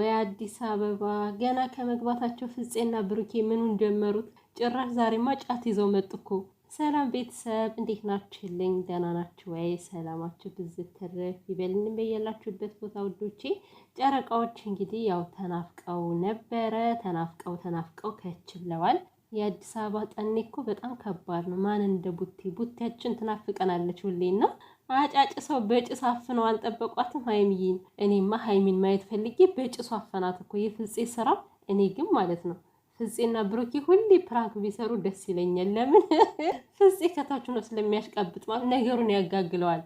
ወይ አዲስ አበባ። ገና ከመግባታቸው ፍፄና ብሩኬ ምኑን ጀመሩት? ጭራሽ ዛሬማ ጫት ይዘው መጡ እኮ። ሰላም ቤተሰብ እንዴት ናችሁልኝ? ደህና ናችሁ ወይ? ሰላማችሁ ብዝት ትርፍ ይበልን በየላችሁበት ቦታ ውዶቼ። ጨረቃዎች እንግዲህ ያው ተናፍቀው ነበረ። ተናፍቀው ተናፍቀው ከችለዋል። የአዲስ አበባ ጠኔ እኮ በጣም ከባድ ነው። ማን እንደ ቡቴ ቡቴያችን ትናፍቀናለች ሁሌና አጫጭሰው በጭስ አፍነው አልጠበቋትም ሀይሚዬን። እኔማ ሀይሚን ማየት ፈልጌ በጭሱ አፈናት እኮ የፍፄ ስራ። እኔ ግን ማለት ነው ፍፄና ብሩኬ ሁሌ ፕራንክ ቢሰሩ ደስ ይለኛል። ለምን ፍፄ ከታች ነው ስለሚያሽቃብጥ ማለት ነገሩን ያጋግለዋል።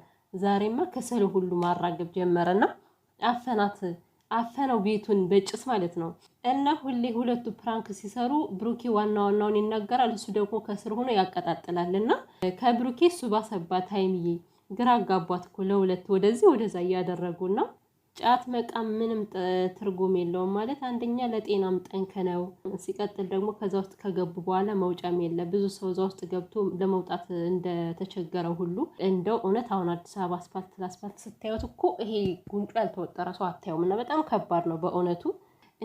ዛሬማ ከሰል ሁሉ ማራገብ ጀመረና አፈናት አፈነው ቤቱን በጭስ ማለት ነው። እና ሁሌ ሁለቱ ፕራንክ ሲሰሩ ብሩኬ ዋና ዋናውን ይናገራል፣ እሱ ደግሞ ከስር ሆኖ ያቀጣጥላል። እና ከብሩኬ እሱ ባሰባት ሀይሚዬ ግራ አጋቧት እኮ ለሁለት ወደዚህ ወደዛ እያደረጉ ነው ጫት መቃም ምንም ትርጉም የለውም ማለት አንደኛ ለጤናም ጠንክ ነው። ሲቀጥል ደግሞ ከዛ ውስጥ ከገቡ በኋላ መውጫም የለ ብዙ ሰው እዛ ውስጥ ገብቶ ለመውጣት እንደተቸገረው ሁሉ እንደው እውነት አሁን አዲስ አበባ አስፋልት ለአስፋልት ስታዩት እኮ ይሄ ጉንጩ ያልተወጠረ ሰው አታየውም፣ እና በጣም ከባድ ነው በእውነቱ።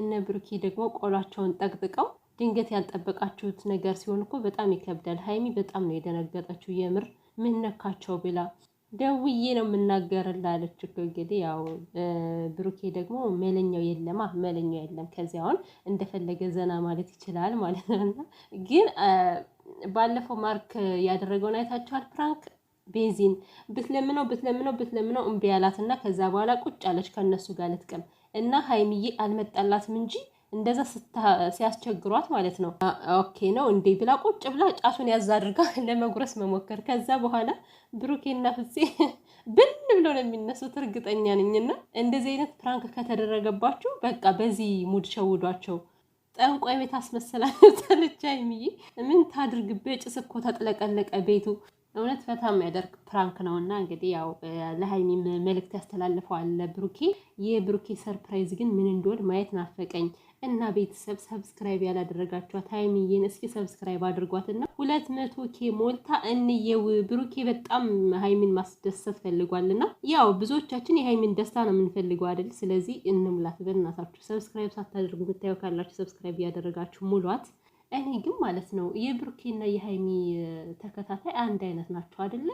እነ ብሩኬ ደግሞ ቆሏቸውን ጠቅጥቀው ድንገት ያልጠበቃችሁት ነገር ሲሆን እኮ በጣም ይከብዳል። ሀይሚ በጣም ነው የደነገጠችው የምር ምን ነካቸው ብላ ደውዬ ነው የምናገርልህ አለች እኮ እንግዲህ ያው ብሩኬ ደግሞ መለኛው የለማ መለኛው የለም። ከዚያ አሁን እንደፈለገ ዘና ማለት ይችላል ማለት ነውና፣ ግን ባለፈው ማርክ ያደረገውን አይታችኋል። ፕራንክ ቤዚን ብትለምነው ብትለምነው ብትለምነው እምቢ አላት እና ከዛ በኋላ ቁጭ አለች ከእነሱ ጋር ልትቀም እና ሀይሚዬ አልመጣላትም እንጂ እንደዛ ሲያስቸግሯት ማለት ነው። ኦኬ ነው እንዴ ብላ ቁጭ ብላ ጫቱን ያዝ አድርጋ ለመጉረስ መሞከር። ከዛ በኋላ ብሩኬና ፍፄ ብን ብሎ ነው የሚነሱት፣ እርግጠኛ ነኝና እንደዚህ አይነት ፕራንክ ከተደረገባችሁ በቃ በዚህ ሙድ ሸውዷቸው። ጠንቋይ ቤት አስመሰላ ተልቻ ምዬ ምን ታድርግ? በጭስ እኮ ተጥለቀለቀ ቤቱ። እውነት በጣም የሚያደርግ ፕራንክ ነው እና እንግዲህ ያው ለሀይሚም መልእክት ያስተላልፈዋል ብሩኬ። የብሩኬ ሰርፕራይዝ ግን ምን እንደሆን ማየት ናፈቀኝ እና ቤተሰብ ሰብስክራይብ ያላደረጋችኋት ሀይሚዬን እስኪ ሰብስክራይብ አድርጓትና ሁለት መቶ ኬ ሞልታ እንየው። ብሩኬ በጣም ሀይሚን ማስደሰት ፈልጓልና ያው ብዙዎቻችን የሀይሚን ደስታ ነው የምንፈልገው አይደል? ስለዚህ እንሙላት በእናታችሁ። ሰብስክራይብ ሳታደርጉ የምታየው ካላችሁ ሰብስክራይብ እያደረጋችሁ ሙሏት። እኔ ግን ማለት ነው የብሩኬና የሀይሚ ተከታታይ አንድ አይነት ናቸው አይደለ?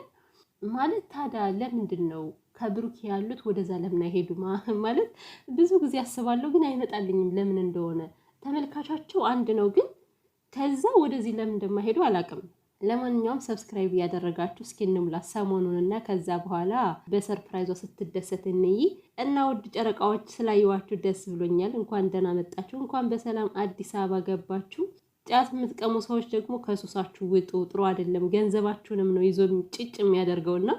ማለት ታዲያ ለምንድን ነው ከብሩኬ ያሉት ወደዛ ለምን አይሄዱ? ማለት ብዙ ጊዜ አስባለሁ፣ ግን አይመጣልኝም ለምን እንደሆነ። ተመልካቻቸው አንድ ነው፣ ግን ከዛ ወደዚህ ለምን እንደማይሄዱ አላውቅም። ለማንኛውም ሰብስክራይብ እያደረጋችሁ እስኪ እንሙላ ሰሞኑን እና ከዛ በኋላ በሰርፕራይዟ ስትደሰት እንይ እና ውድ ጨረቃዎች ስላየዋችሁ ደስ ብሎኛል። እንኳን ደህና መጣችሁ፣ እንኳን በሰላም አዲስ አበባ ገባችሁ። ጫት የምትቀሙ ሰዎች ደግሞ ከሱሳችሁ ውጡ፣ ጥሩ አይደለም። ገንዘባችሁንም ነው ይዞ ጭጭ የሚያደርገውና